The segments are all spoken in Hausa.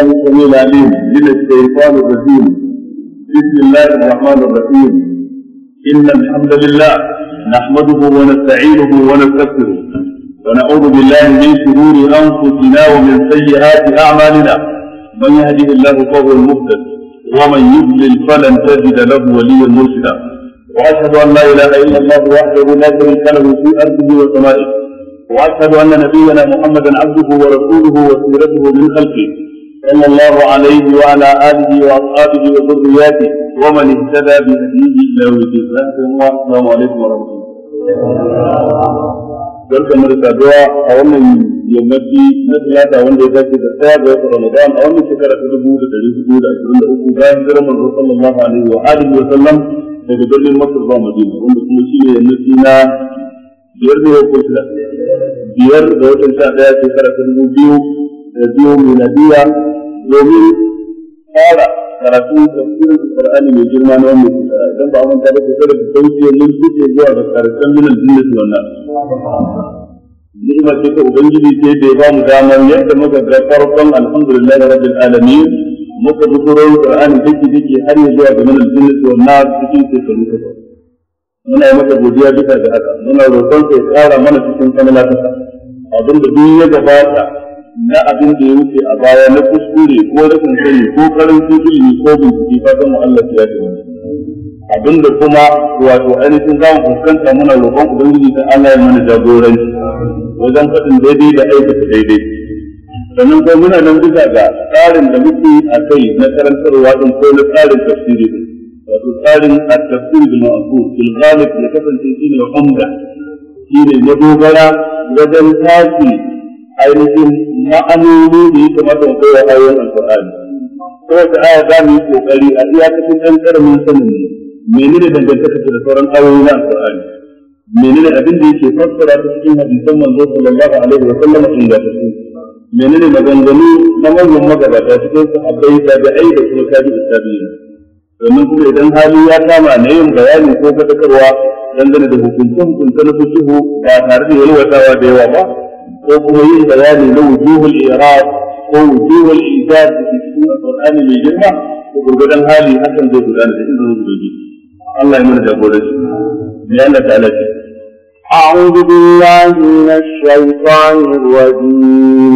العليم من الشيطان الرجيم بسم الله الرحمن الرحيم إن الحمد لله نحمده ونستعينه ونستغفره ونعوذ بالله من شرور أنفسنا ومن سيئات أعمالنا من يهده الله فهو المهتد ومن يضلل فلن تجد له وليا مرشدا وأشهد أن لا إله إلا الله وحده لا شريك له في أرضه وسمائه وأشهد أن نبينا محمدا عبده ورسوله وسيرته من خلقه صلى الله عليه وعلى آله وأصحابه وذرياته ومن اهتدى بهديه إلى يوم السلام عليكم ورحمة الله barkan mu da a wannan yammaci na talata wanda ya a da tsaya ga wata ramadan a wannan shekara ta dubu da dari hudu da ashirin da uku bayan hijirar manzo sallallahu alaihi wa alihi wa sallam daga birnin masar zuwa madina wanda kuma shi ne yammaci na biyar da ya biyar ga watan sha ɗaya shekara ta dubu biyu يزوني نبيا يومين قال قرأتون تفكير في القرآن من جرمان أمي إذن بعض من تعرف كده بالتوجيه من جزء الجوع بسكارتان من الجنة والنار نعمة كده وبنجلي كده ديبان دامان يأتي مكة برقارتان الحمد لله رب العالمين مكة بطرون القرآن بيكي بيكي هل يجوع من الجنة والنار بيكي في كده من أي مكة بوديا بيكا بأكا من أي روطان من أي روطان تقارا من أي روطان تقارا من أي na abin da ya wuce a baya na kuskure ko da sani ko karancin ilimi ko bincike ba zan Allah ya ce wani abin da kuma wato ainihin za fuskanta muna roƙon ubangiji ta Allah ya mana jagoranci wajen faɗin daidai da aikata daidai sannan ko muna nan bisa ga tsarin da muke a kai na karantarwa ɗin ko na tsarin tafsiri wato tsarin at-tafsir bil ma'qul bil ghalib ya kasance shi ne na dogara wajen tashi ainihin ma'anoni da yi kamar da koya ayoyin alqur'ani ko ta aya za mu yi kokari a iyakacin ɗan ƙaramin sanin menene dangantaka da sauran ayoyi na Mene menene abin da yake fassara ta cikin hadisan manzo sallallahu alaihi wa sallam da ta Mene menene maganganu na manyan magabata cikin sahabbai tabi'ai da kuma tabi'u tabi'in domin kuma idan hali ya kama na yin bayani ko fadakarwa dangane da hukuncin hukunta na su ba tare da yalwatawa da yawa ba ko kuma yin bayani na wujuhul irad ko wujuhul ijaz da ke cikin alqur'ani mai girma ko gurgurdan hali hakan zai gudana da izinin ubangiji Allah ya mana jagoranci ne Allah ta alaƙi أعوذ بالله من الشيطان الرجيم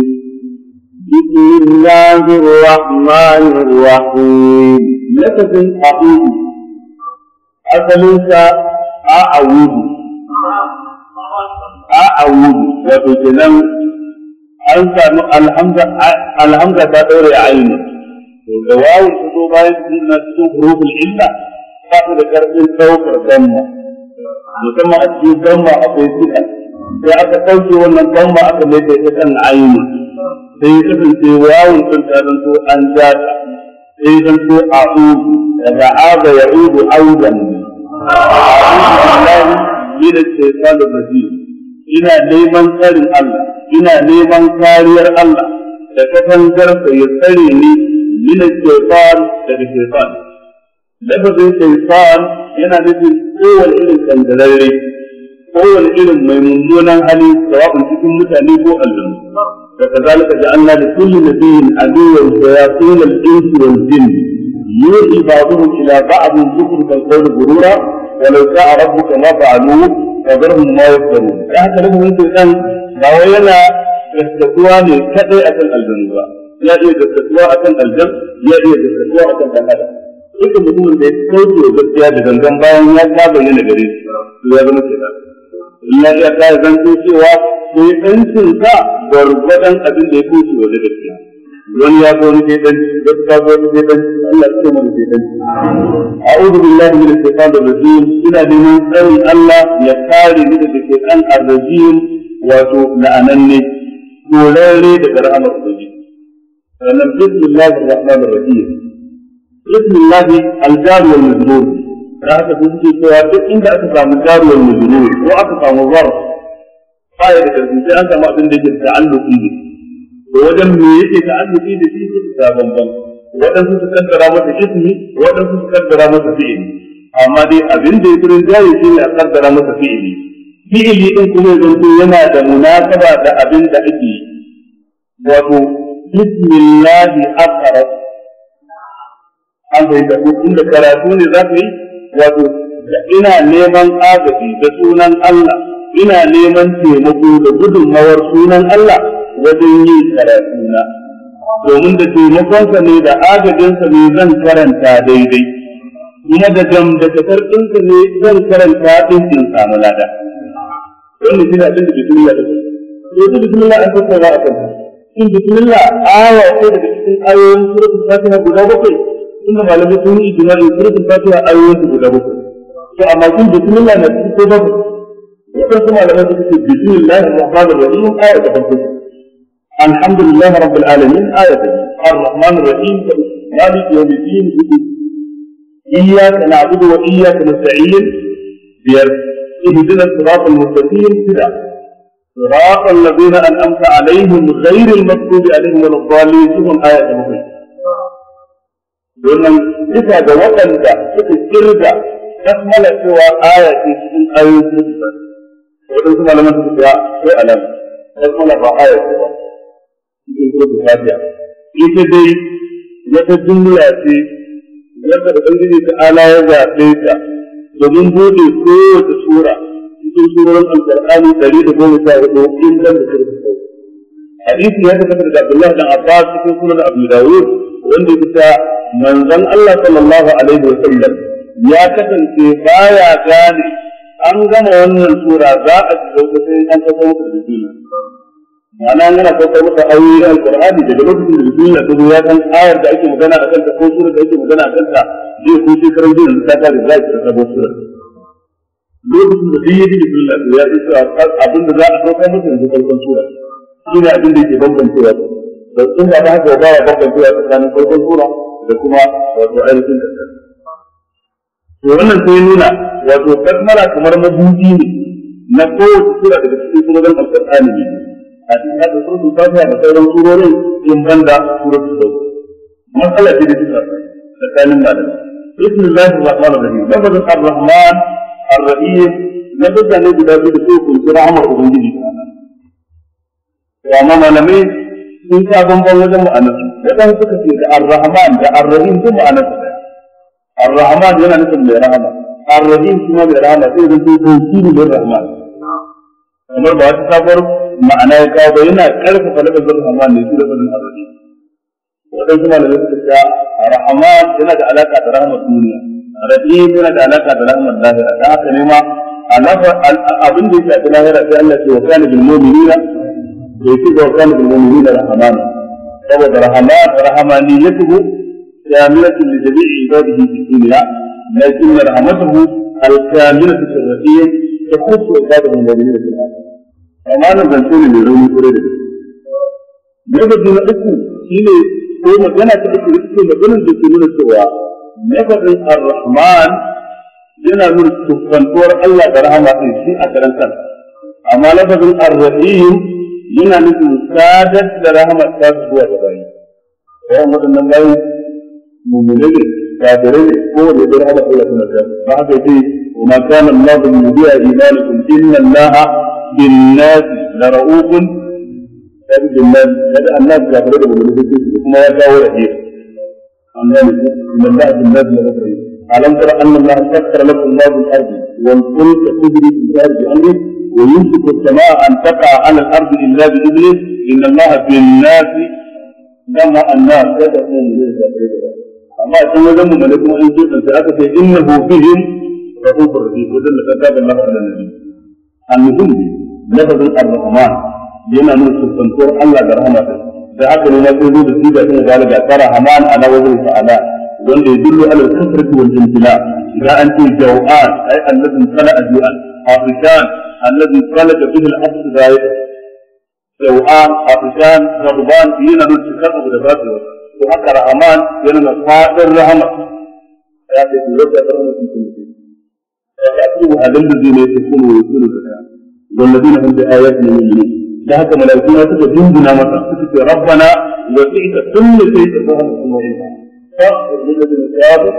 بسم الله الرحمن الرحيم لفظ أعوذ أصلك أعوذ a'awun wato kenan an samu alhamza ta daure a ainu to da wawun ta zo bayan suna cikin hurufin illa ba su da karfin daukar gamma musamman a cikin gamma akwai sika sai aka ɗauke wannan gamma aka mai da ita kan ainu sai ya kasance wawun sun ta zanto an ja ta sai zanto a'udu daga aza ya'udu audan. أعوذ بالله من الشيطان الرجيم ina neman tsarin Allah ina neman kariyar Allah da katangarsa ya tsare ni min shaytan daga shaytan lafazin shaytan yana nufin kowane irin kangararre kowane irin mai mummunan hali sawa'un cikin mutane ko da da da kazalika Allah nabiyin وكذلك جعلنا لكل نبي عدوا شياطين الانس والجن يوحي بعضهم الى بعض ذكر القول غرورا ولو شاء ربك ما فعلوه wa garhum ma yaftarun da haka rubuwar shaitan ba wai yana gaskatuwa ne kadai akan aljanu ba ya iya gaskatuwa akan aljan ya iya gaskatuwa akan dan adam dukkan mutumin da ya kauce gaskiya da gangan bayan ya ta bayyana gare shi to ya zama shaitan illa ya ta zanto cewa sai ɗancin sa gwargwadon abin da ya kauce wa gaskiya wani ya ga wani shaidan wani ta ga wani Allah ya ce mana shaidan a'udhu billahi minash shaitanir rajim ina neman tsari Allah ya kare ni daga shaitan ar-rajim wato la'ananne dorare daga rahamar ubangiji sannan bismillahir rahmanir rahim bismillah al wal majrur da haka cewa duk inda aka samu jar wal majrur ko aka samu zarf ba ya da karfi an samu abin da yake ta'alluqi wajen me yake ta arziki da shi suka ta bambam waɗansu su kaddara masa ismi waɗansu su kaddara masa fi'ili amma dai abin da ya fi rinjaye shi ne a kaddara masa fi'ili fi'ili din kuma ya yana da munasaba da abin da ake yi wato bismillahi akara an bai da da karatu ne za ka yi wato ina neman agaji da sunan Allah ina neman taimako da gudunmawar sunan Allah wajen yin karatu na domin da taimakonsa ne da agajinsa ne zan karanta daidai kuma da gamdakatar ɗinsa ne zan karanta ɗinkin in samu lada wannan shi na abin da bismillah da su to bismillah an tattauna a kan in bismillah aya ce daga cikin ayoyin suratul fatiha guda bakwai inda malamai sun yi ijma'i suratul fatiha ayoyin su guda bakwai to amma kun bismillah na cikin ko bakwai wadansu malamai suka ce bismillah rahmanir rahim aya da bakwai الحمد لله رب العالمين آية الرحمن الرحيم مالك يوم الدين إياك نعبد وإياك نستعين اهدنا الصراط المستقيم كذا صراط الذين أنعمت عليهم غير المكتوب عليهم ولا الضالين شوفوا الآية المهمة wannan bisa ga waɗanda suka kirga kammala سوى آية ce cikin ayoyin waɗansu malaman suka sai alama kammala ba aya ce cikin suratul fatiha ita dai wata jumla ce wanda ubangiji ta ala ya zaɓe ta domin bude kowace sura cikin surorin alqur'ani ɗari da goma sha hudu in kan da suratul hadisi ya tabbata da Abdullahi dan Abbas cikin sunan Abu Dawud wanda kita manzon Allah sallallahu alaihi wa sallam ya kasance baya gane an gama wannan sura za a shiga wata sai an kafa maka da ma'ana an yana saukar masa ayoyi alqur'ani daga lokacin da bismillah ta zo ya san ayar da ake magana a kanta ko surar da ake magana a kanta zai ko sai karan jin ta ta da zai ta sabon surar lokacin da zai yi bin lafiya ya isa abin da za a saukar masa yanzu farkon sura shi ne abin da yake bambancewa da in ba ta haka ba ya bambancewa tsakanin farkon sura da kuma wato ainihin kanta to wannan sai nuna wato kasmara kamar mabuji ne na kowace sura daga cikin surorin alqur'ani ne a cikin hada suratul fatiha da sauran surorin in banda suratul dawud matsala ce da duka tsakanin malamai بسم الله الرحمن rahman, لفظ rahim. Na لفظ ne guda biyu da suke kunshi rahmar ubangiji amma malamai sun sa bamban wajen ma'anar da dan suka ce da ar-rahman da ar-rahim duk ma'anar su ar-rahman yana nufin mai rahama ar-rahim kuma mai rahama sai da su tawkili bil rahman kamar ba wata sabuwar ma'ana ya kawo ba yana karfafa lafazin rahman ne su da shi lafazin arrahim wadansu malamai suka ce rahaman yana da alaƙa da rahmar duniya rahim yana da alaƙa da rahmar lahira da haka ne ma abin da ya shafi lahira sai Allah ce wa kana bin mu'minina bai ci ga wa kana bin mu'minina rahaman saboda rahaman ya rahman rahmaniyatuhu kamilatun li jami'i ibadihi fi dunya lakin rahmatuhu al-kamilatu fi rahim تخص عباده الذين في الارض amanar zance ne mai rauni kure da gaske gargaji na uku shi ne ko magana ta uku da suke maganar da ke nuna cewa lafazin ar-rahman yana nuna tuffantuwar Allah da rahama ɗin shi a karan kan amma lafazin ar-rahim yana nufin sadar da rahama ta zuwa da bayi bayan waɗannan bayi mummune ne kafirai ne ko da ya rahama Allah suna ta ba haka yake وما كان الله ليضيع إيمانكم إن الله بالناس لرؤوف ثابت لدى الناس كافرين بالنسبة كما يكاو الله بالناس لرؤوف ألم ترى أن الله سخر لكم ما في الأرض والفلك تجري في الأرض بأمره ويمسك السماء أن تقع على الأرض إلا بإذنه إن الله بالناس لما الناس لا إليه كافرين amma a can wajen mu kuma in sun aka ce innahu bihim rahufur rahim wajen annuhum lafazin ar-rahman yana nuna siffantuwar Allah da rahama ta da haka ne na zo da siga tana galiba ta rahman ala wazn fa'ala wanda yadullu ala al-kasrati wal imtila ga an ce jaw'an ay alladhi tala adwan afrikan alladhi tala bihi al-asr ghayb jaw'an afrikan rabban yana nuna siffantuwar da ba ta to haka rahman yana nuna fadin rahama ya ce dole ka tarana cikin يأتيهم أذل الذين يشركون ويؤمنون بالآيات والذين هم بآياتنا يؤمنون da haka malaiku na suka dinduna masa suka ce rabbana wa ita kullu shay'in wa huwa kullu fa'bud lil ladina tabu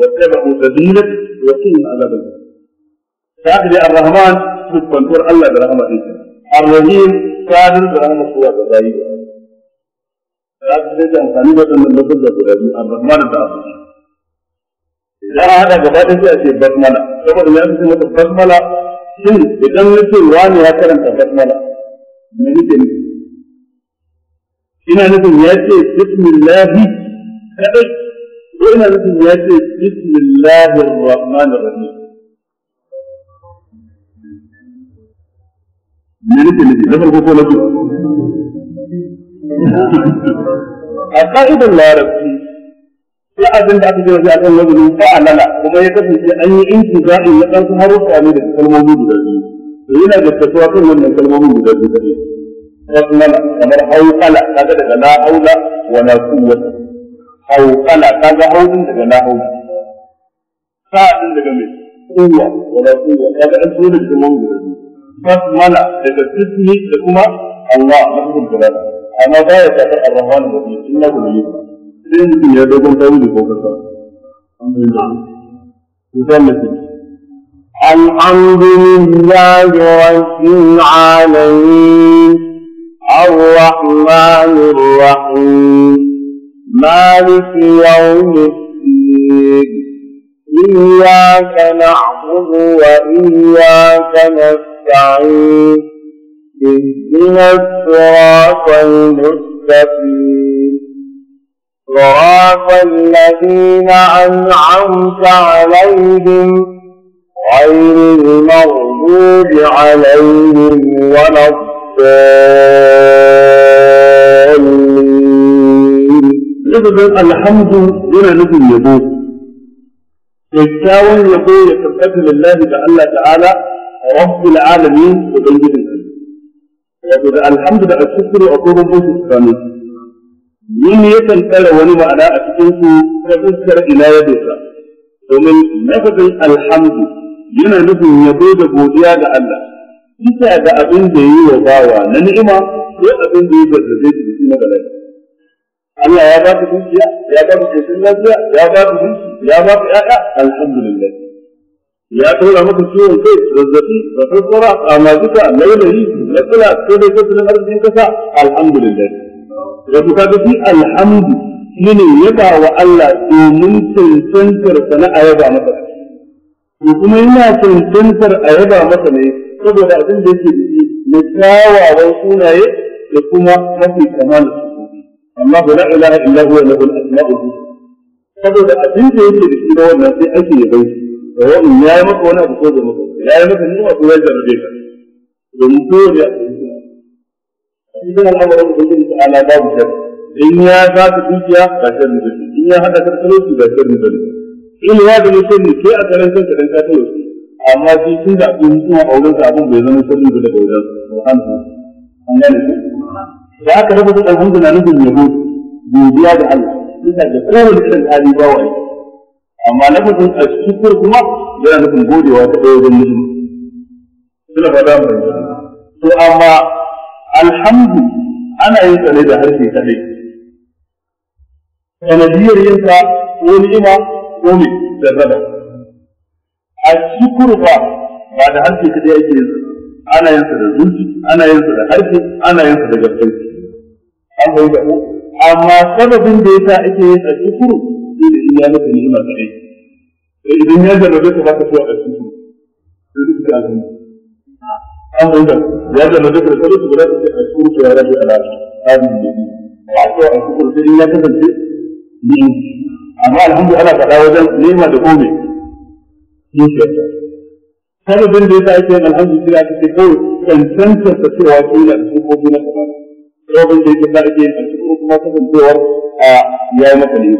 wa tabu sabilat wa qina adhab al sa'ad li ar-rahman sukantur Allah da rahama dinka ar-rahim sa'adun da rahama suwa da zai da sa'ad da amfani da wannan lafazin da guda biyu ar-rahman da ar-rahim a an haɗa gaba ɗaya sai a ce basmala saboda ya mata basmala shin idan na ce ne ya karanta basmala me nake ne ina nufin ya ce bismillahi kaɗai ko ina nufin ya ce bismillahi rahim me nake na farko ko na biyu a larabci sai abin da aka jira da al'umma ne ta alala kuma ya kasance an yi inci zaɓi na ɗan ne da kalmomi guda biyu to yana da kan wannan kalmomin guda biyu kaɗai kasnala kamar hauƙala kaga daga la haula wa la hauƙala kaga haulin daga la haula daga mai wa la kaga an guda biyu daga da kuma Allah na amma baya ta sai mutum ya dogon tawili ko kasa الحمد لله رب العالمين الرحمن الرحيم مالك يوم الدين إياك نعبد وإياك نستعين اهدنا الصراط المستقيم صراط الذين أنعمت عليهم غير المغضوب عليهم ولا الضالين الحمد لله نبي يبوه يتساوي يقول يتبقى لله تعالى تعالى رب العالمين وبيجد الحمد لله الحمد لله الشكر وأطول الله سبحانه yin yakan tsara wani ma'ana a cikin su ta fuskar ila ya dosa domin lafazin alhamdu yana nufin yabo da godiya ga Allah bisa ga abin da yi wa bawa na ni'ima ko abin da ya gargaje shi da shi na bala'i Allah ya ba ku dukiya ya ba ku cikin lafiya ya ba ku ya ba ku ƴaƴa alhamdulillah ya tura maka ciwon kai zazzabi da farfara a mazuka laulayi na kula ko da kasa na arzikin kasa alhamdulillah wato kaga shi alhamdu shine yaba wa Allah domin tantantar sana a yaba masa kuma yana tantantar a yaba masa ne saboda abin da yake da shi na kyawawan sunaye da kuma mafi kamal Allah la ilaha illa huwa lahul asma'ul saboda abin da yake da shi na wannan sai ake yabo da ya yayi maka wani abu ko da maka yayi maka nuna ko ya jarrabe ka domin ko da shi ne al'amarin da yake ta'ala babu shar in ya ba ka dukiya ba sharri ba in ya hada ka talauci ba sharri ba in ya da mutum ne sai a karan kanka dan ka talauci amma shi tun da abin kuma auren sa abin bai zama sharri ba daga wajen subhanahu an gane ku da aka raba da ɗan na nufin yahudi godiya da Allah bisa da kowane irin hali ba wa amma na lafazin a shukur kuma yana nufin godewa ta ɗaya wajen mutum suna faɗa mai to amma alhamdu ana yin tsare da harshe kadai sanadiyar yinsa ko ni'ima ko mai zarrada a shukuru ba ba da harshe kadai ake yin ana yin da zuci ana yin da harshe ana yin da gaban an bai da amma sababin da yasa ake yin a shukuru shi da iya maka ni'ima kadai idan ya jarrabe ka ba ka a shukuru sai da alhamdulillah an bai da ya jarrabe ka da sababin da yasa ake kurtu ya rabu ala tsarin da ne ba a a shi kurtu ya kasance ne amma alhamdu ana faɗa wajen nema da kome ne shi yasa sababin da ya sa ake yin alhamdu shi ya kasance kawai cancantar ta cewa kila da ko sukofi na kamar sababin da ya sa ake yin alhamdu kuma kasancewar a ya yi maka ne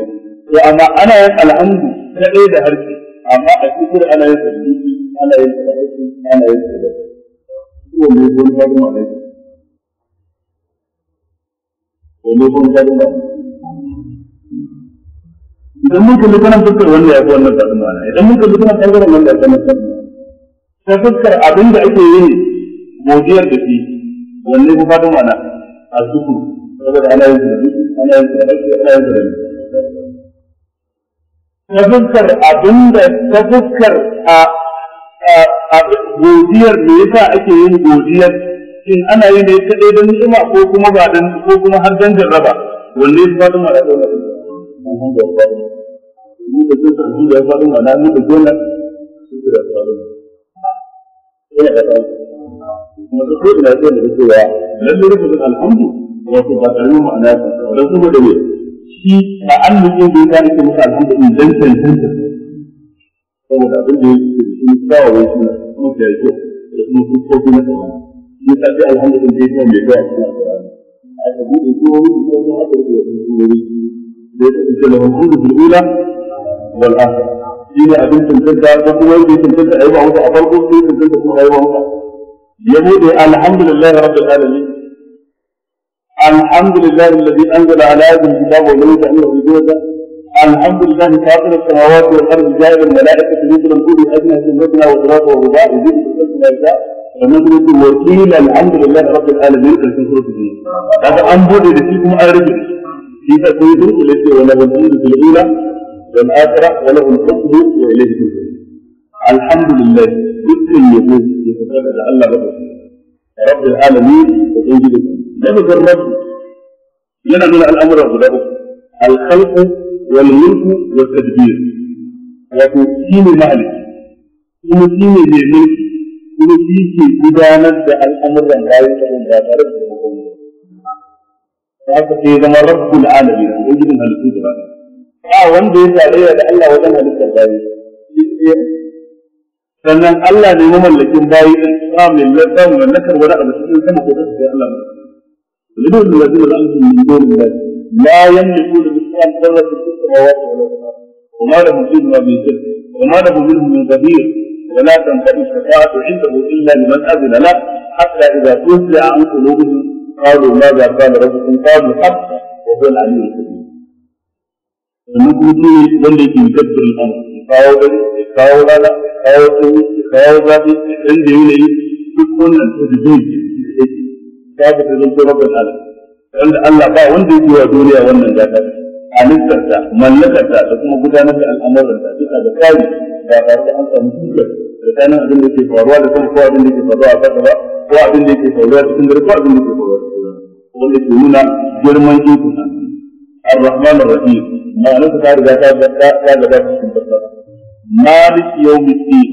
to amma ana yin alhamdu na ɗaya da harshe amma a cikin ana yin alhamdu ana yin alhamdu ana yin alhamdu ko ne ko ne ba ne. domin kuma ka da idan mun kalli kana fuskar wanda ya fi wannan tsarin mana idan mun kalli kana ɓangaren wanda ya fi wannan tsarin ta fuskar abin da ake yin godiyar da shi wanne ku fatan mana a zuku saboda ana yin da ana yin da ana yin da ta fuskar abin da ta fuskar a godiyar me yasa ake yin godiyar shin ana yi ne kaɗai don ni'ima ko kuma ba don ko kuma har dan jarraba wanne ya faɗin mara ɗauna da ya faɗin mu da kusa da ya faɗin mara mu da gona su da ya faɗin ina da ɗauna kuma da kowane na zuwa da cewa lalle rufin alhamdu wato ba ƙarfin ma'ana ta don saboda me shi ba an nufin da ya gane ke muka alhamdu in zan tantance saboda abin da ya ke da shi kyawawan suna kuma da na ya ta alhamdulillah bai kuma bai kai a cikin alƙur'ani aka buɗe kuma aka rufe wasu surori da ya tafi da wasu da bil'ula wal shi ne abin tantanta ko kuma yadda ya tantanta a yi ba wuta a farko sai ya tantanta kuma a yi ba wuta ya buɗe alhamdulillah rabbil alamin alhamdulillah alladhi anzala ala abdihi kitaba wa lam yakun الحمد لله فاطر السماوات والارض جائر الملائكه مثل الجود ادنى في المدنى وغراب وغباء وجود الملائكه فندرك وكيل الحمد لله رب العالمين في الكفر الدين. هذا انظر اللي فيه كما ارد في تقويض وليس ولا بنزيد في الاولى والاخره وله الحكم واليه تدعو الحمد لله ذكر اليهود يتفرد لعل رب رب العالمين وتنجد لا مجرد لنا من الامر الخلق والملك والتدبير وكو سين مالك كما سين ذي سين آه، كما سين كي سين الأمر سين رأي سين ذات سين المقومة سين في ذم سين العالمين سين أنها سين تبعنا سين بيسا سين أن سين وجنها سين تبعنا سين الله سين اللي سين باي سين للذان سين ونقر سين كما سين في سين مرحبا سين الذين سين من سين الله سين يملكون سين أن تلك السماوات والأرض وما له فيه ما بيزل وما له منه من كبير ولا تنتهي الشفاعة عنده إلا لمن أذن له حتى إذا توفي عن قلوبهم قالوا ماذا قال ربكم قالوا حق وهو العلي الكبير المؤمنون من الذي يدبر الأمر يقاوم يقاوم هذا يقاوم هذا يقاوم هذا عندي هنا يكون الحدود ثابت لنصر رب العالمين عند الله قال وين بيجي يا دنيا وين بيجي halittarta mallakarta da kuma gudanar da al'amuran al'amuranta duka da kari ba tare da an samu da tsakanin abin da ke faruwa da kuma ko abin da ke faruwa a ƙasa ba ko abin da ke faruwa cikin dare ko abin da ke faruwa cikin dare wanda ke nuna girman ikon nan ar-rahman ar-rahim ma'ana ta ta riga ta ta ta cikin ƙasa maliki yawmiddin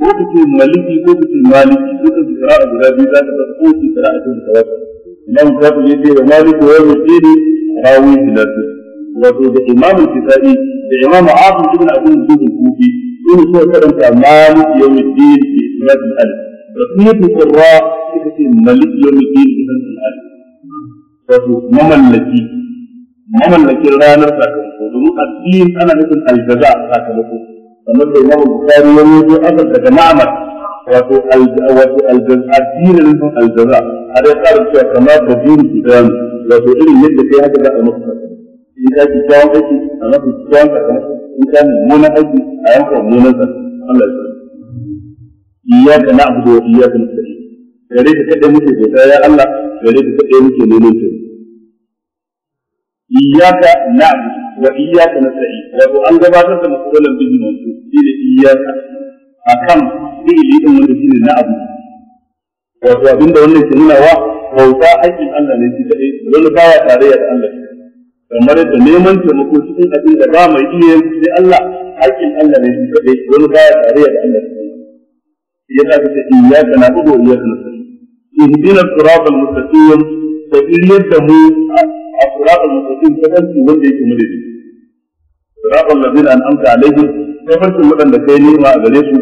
ko kace maliki ko kace maliki ko kace qira'a guda biyu za ta ko kace qira'a cikin mutawatir imam kafi yace da maliki yawmiddin rawi filatus wato da imam al-kisai da imam asim ibn abdul aziz al-kufi sun so karanta malik yawm al-din bi isnad al-alif rasmiyat al-qurra suka ce malik yawm al-din bi isnad al-alif wato mamallaki mamallakin ranar sakamako domin addin ana nufin aljaza sakamako kamar da imam al-bukhari ya rawaito aka daga ma'amar wato wato addin ne nufin aljaza a dai tsarin cewa kamar da dinin kitab wato irin yadda kai haka za a maka in ta ci kyawun aiki a mafi kyawun sakamako in ta mummuna aiki a yanka mummunan sa Allah ya sarki iyyaka na'budu wa iyyaka nasta'in gare ka kaɗai muke bauta ya Allah gare ka kaɗai muke neman ta. ka na na'budu wa iyyaka nasta'in wato an gabatar da masalan bihi mansu shine iyyaka akan fi'ili din wanda na abu. wato abinda wannan ke nuna wa bauta aikin Allah ne shi kaɗai wani baya tarayya da Allah kamar da neman taimako cikin abin da ba mai iya yin sai Allah hakkin Allah ne shi kadai wani baya tare da Allah ya ka ce iyyaka na'budu wa iyyaka nasta'in ihdina siratal mustaqim da ilmin da mu a siratal mustaqim ta kanci wanda yake mu da shi siratal amsa an'amta alaihim ta farkin wadanda kai nema a gare su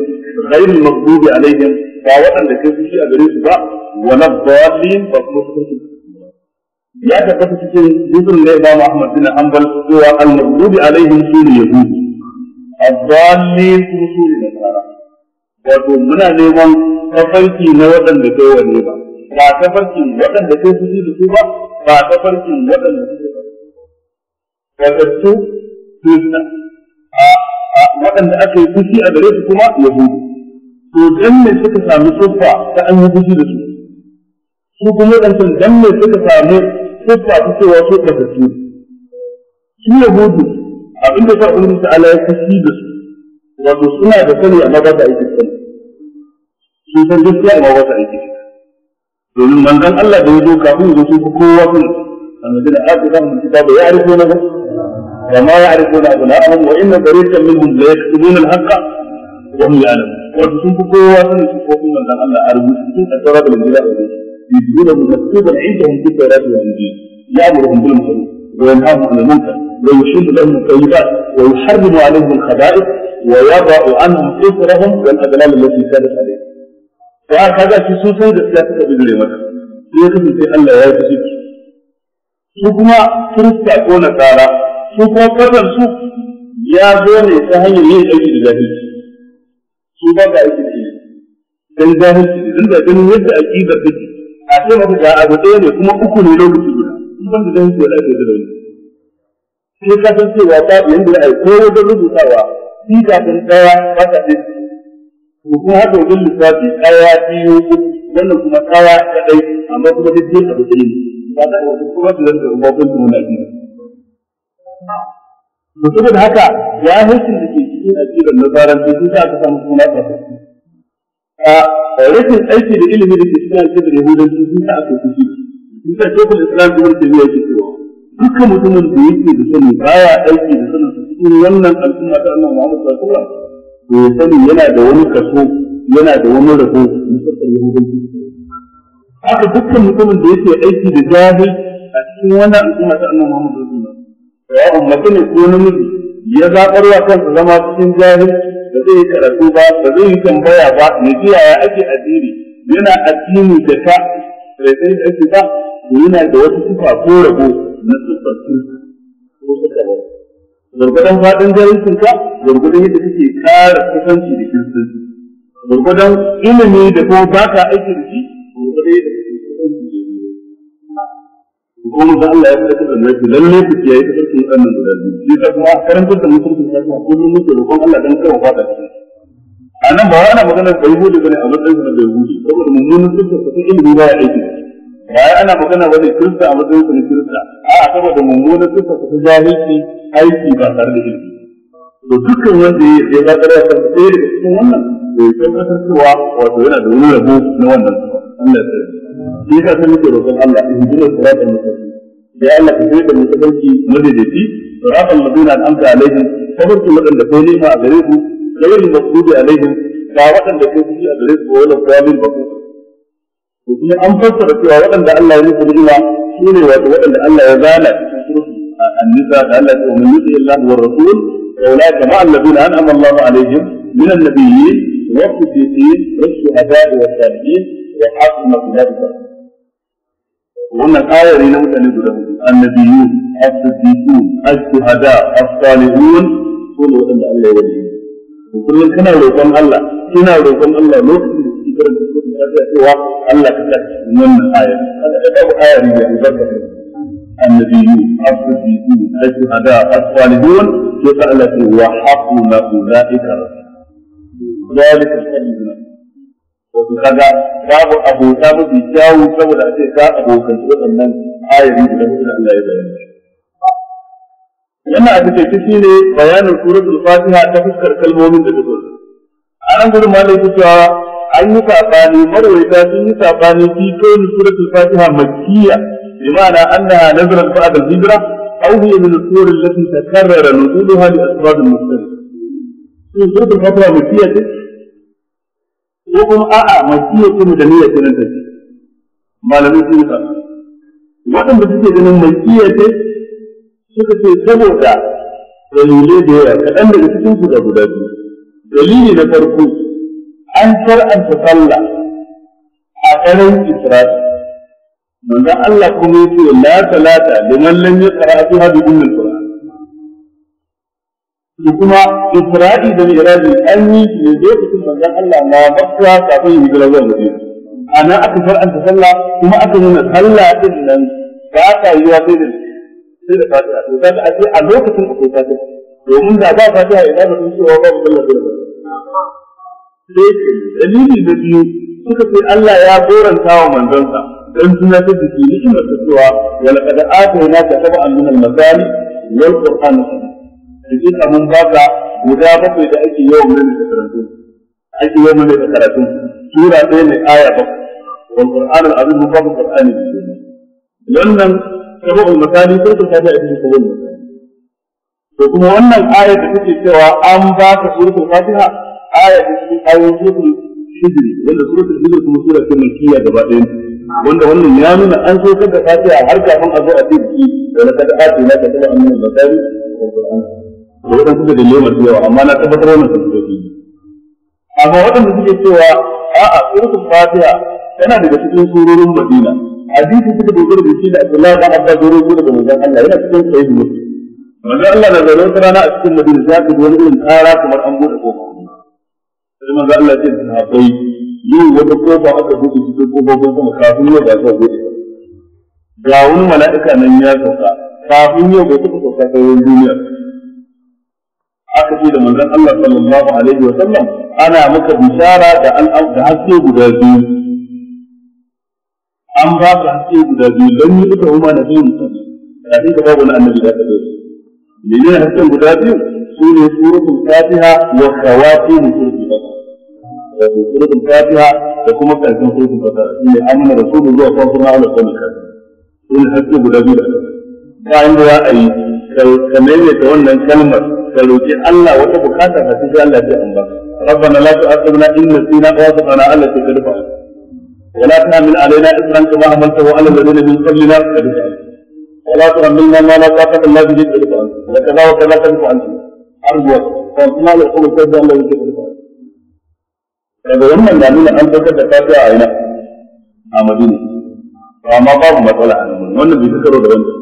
ghairul maghdubi alaihim ba wadanda kai fushi a gare su ba wa nadallin ba kuma su ya tabbata cikin juzun da ba Muhammad bin Hanbal cewa al-maghdubi alaihim sunu yahud ad-dallin sunu nasara wato muna neman tafarki na waɗanda kai wani ba ba tafarkin waɗanda kai su da su ba ba tafarkin waɗanda su ba kasattu kirista a waɗanda aka yi fushi a gare su kuma yahudu to dan ne suka sami sufa ta an yi fushi da su su kuma waɗancan dan ne suka sami siffa ta cewa su da su su gudu abin da sa ubangiji ta'ala ya kashi da su wato suna da sani amma ba ta aiki sani sun san gaskiya amma ba ta aiki domin manzon Allah da ya zo kafin zo su kowa sun annabi da aka samu kitabu ya arifo na وما يعرفون أبناءهم وإن فريقا منهم لا يكتبون الحق وهم يعلمون وتسوق قوة تسوق من الله أرجو ta أتراب da والجلاء يكون مكتوبا عندهم في التوراه والانجيل يامرهم بالمعروف وينهاهم عن المنكر ويحل لهم الطيبات ويحرم عليهم الخبائث ويضع عنهم كفرهم والاغلال التي كانت عليهم وهكذا في سوسن ده سياسه تبدل يوم القيامه في الله يا يوسف سوكما كنت تكون كارا سوكما قتل سوك يا زوني تهني من اجل ذلك سوكما قائد الى ذلك ذلك ذلك ذلك أي ذلك a ce masa ga abu ɗaya ne kuma uku ne lokaci guda ban da dan sai lafiya da wani sai ka san cewa ba yanda ya ko wajen rubutawa shi ka san ɗaya ba ta ɗin ko kuma haka wajen lissafi ɗaya biyu wannan kuma ɗaya kaɗai amma kuma duk dai abu ɗaya ne ba ta wata kuma da zanta ba kun tuna na biyu to saboda haka ya hikin da ke cikin aƙidar su sai ka samu kuma ta rashin aiki da ilimi da ke cikin alƙibin yahudanci sun sa aka fushi sun sa da islam ibn tabiya ke cewa dukkan mutumin da yake da sani baya aiki da sanin su cikin wannan al'umma ta Allah Muhammadu sallallahu alaihi wasallam to ya sani yana da wani kaso yana da wani rabo na sakar yahudanci haka dukkan mutumin da yake aiki da jahil a cikin wannan al'umma ta Allah Muhammadu. sallallahu alaihi wasallam ya ummata ne ko namiji ya zaɓar wa kansa zama cikin jahilci ba zai yi karatu ba ba zai yi tambaya ba ya ji yaya ake addini yana addini da ka bai sai ake ba yana da wasu kuka ko rabo na sifar ko gurgudan faɗin jahilcin ka gurgudan yadda kake kare kusanci da kiristanci gurgudan ilimi da ko ba ka aiki da shi gurgudan yadda ko mun Allah ya fada da mai lalle ku kiyaye ta sarkin wannan da biyu shi ta kuma karantar da musulmi ta ko kullum muke roƙon Allah dan kawo fada shi a nan ba wani magana da yahudi bane a matsayin da yahudi saboda mummunan sirrin ta ilimi ba ya aiki ba ya ana magana ba ne kirista a matsayin sa kirista a saboda mummunan sirrin ta jahilci aiki ba tare da ilimi to dukkan wanda ya yi ba tare da sai da cikin wannan da ya tabbatar cewa wato yana da wani rabo na wannan Allah ya shi yasa sai muke roƙon Allah in ji siratal mustaqim ya Allah ka shirya da mu tabanci madaidaici siratal ladina an'amta alaihim tabanci wadanda kai ne ma a gare ku غير المغضوب عليهم ba waɗanda kai kuke a gare su wala zalim ba ku to kuma an fassara cewa waɗanda Allah ya nufi ni'ima shine wato waɗanda Allah ya zala cikin surutu an-nisa da Allah ya umarni da Allah wa rasul أولئك مع الذين أنعم الله عليهم من النبيين والصديقين والشهداء والصالحين ya asma bilalika wannan aya ne na mutane guda hudu annabiyun as-siddiqun as-shuhada as-salihun su ne waɗanda Allah ya wani to kullum kana roƙon Allah ina roƙon Allah lokacin da kike karanta su da ta cewa Allah ka saka wannan aya kada ka dawo aya ne ya albarka annabiyun as-siddiqun as-shuhada as-salihun to ta Allah ce wa haqu la ulaika ذلك الحمد wato kaga babu abota mafi kyawu saboda a ce ka abokanci waɗannan ayari da mutum Allah ya bayani yana a cikin shi ne bayanin suratul fatiha ta fuskar kalmomin da take a nan gudun ma yake cewa an yi sabani marwaita sun yi sabani fi kawai suratul fatiha makkiya bi ma'ana annaha nazarat ba'd al-hijra aw hiya min as-sur allati takarrara nuzulaha li asbab al-mukhtalif suratul fatiha makkiya ce ko kuma a'a makiyya ce madaniya ce nan take malamai sun ka waɗanda suke ganin makiyya ce suka ce saboda dalilai da yawa kaɗan daga cikin su da guda biyu dalili na farko an shar'anta sallah a daren isra'i manzon Allah kuma yace la salata liman lam yaqra fi hadhihi al shi kuma isra'i da mi'raji an yi shi ne lokacin manzon Allah na bakwa kafin hijira zuwa Madina ana aka far'anta sallah kuma aka nuna sallah din nan ba ta yi wa sai da sai da fatiha to kaga a ce a lokacin akwai fatiha domin da ba fatiha ina da sun cewa ba sallah din sai dalili da biyu suka ce Allah ya goranta wa manzonsa dan suna ta jiki ni'imar ta cewa wa laqad atayna ka sab'an min al-masali wal qur'an hakika mun baza guda bakwai da ake yawan mai da karatu ake wa mai da karatu sura ɗaya mai aya ba wal qur'an al azim mun baka qur'ani da shi wannan al-makani sai ka tafi a cikin sababul to kuma wannan aya da take cewa an baka surutul fatiha aya da cikin ayoyin suratul hijri wanda surutul hijri kuma sura ce mai gaba ɗaya wanda wannan ya nuna an so kada fatiha har kafin a zo a ce da na kada ati na kada annabi masali wa qur'an da waɗansu da dalilai masu yawa amma na tabbatar wannan sun fito fili amma waɗanda suke cewa a'a surutun fatiha tana daga cikin surorin madina hadisi suka dogara da shi da abdullahi dan abbas da rubutu daga manzon Allah yana cikin sahih muslim manzon Allah na zaune wata rana a cikin madina za ka wani irin tsara kamar an buɗe kofa sai manzon Allah ya ce sahabbai yau wata kofa aka buɗe cikin kofofin kuma kafin yau ba ta buɗe ga wani mala'ika nan ya sauka kafin yau bai taɓa sauka sauran duniya aka ce da manzon Allah sallallahu alaihi wa sallam ana maka bishara da da haske guda biyu an ba ka haske guda biyu don yi duka umma na biyu da sai ka babu na annabi da ka zo menene hasken guda biyu sune suratul fatiha wa khawatim suratul fatiha da suratul fatiha da kuma karshen suratul fatiha shine amma rasulullahi zuwa kan kuma Allah sallallahu alaihi wa sallam sun haske guda biyu da bayan da za a yi ka maimaita wannan kalmar ka roki Allah wata bukata ka sai Allah ya an rabbana la tu'akhidna in nasina aw akhtana Allah ta kadfa ولا تحمل علينا اثرا كما حملته على الذين من قبلنا قد ولا تحملنا ما لا طاقه لنا به قد وكذا وكذا تدفع عنه ارجوك فما يقول سيدنا الله يجب daga wannan na nuna an fitar da kafiya a ina a madina amma babu matsala a nan wannan bai karo da wannan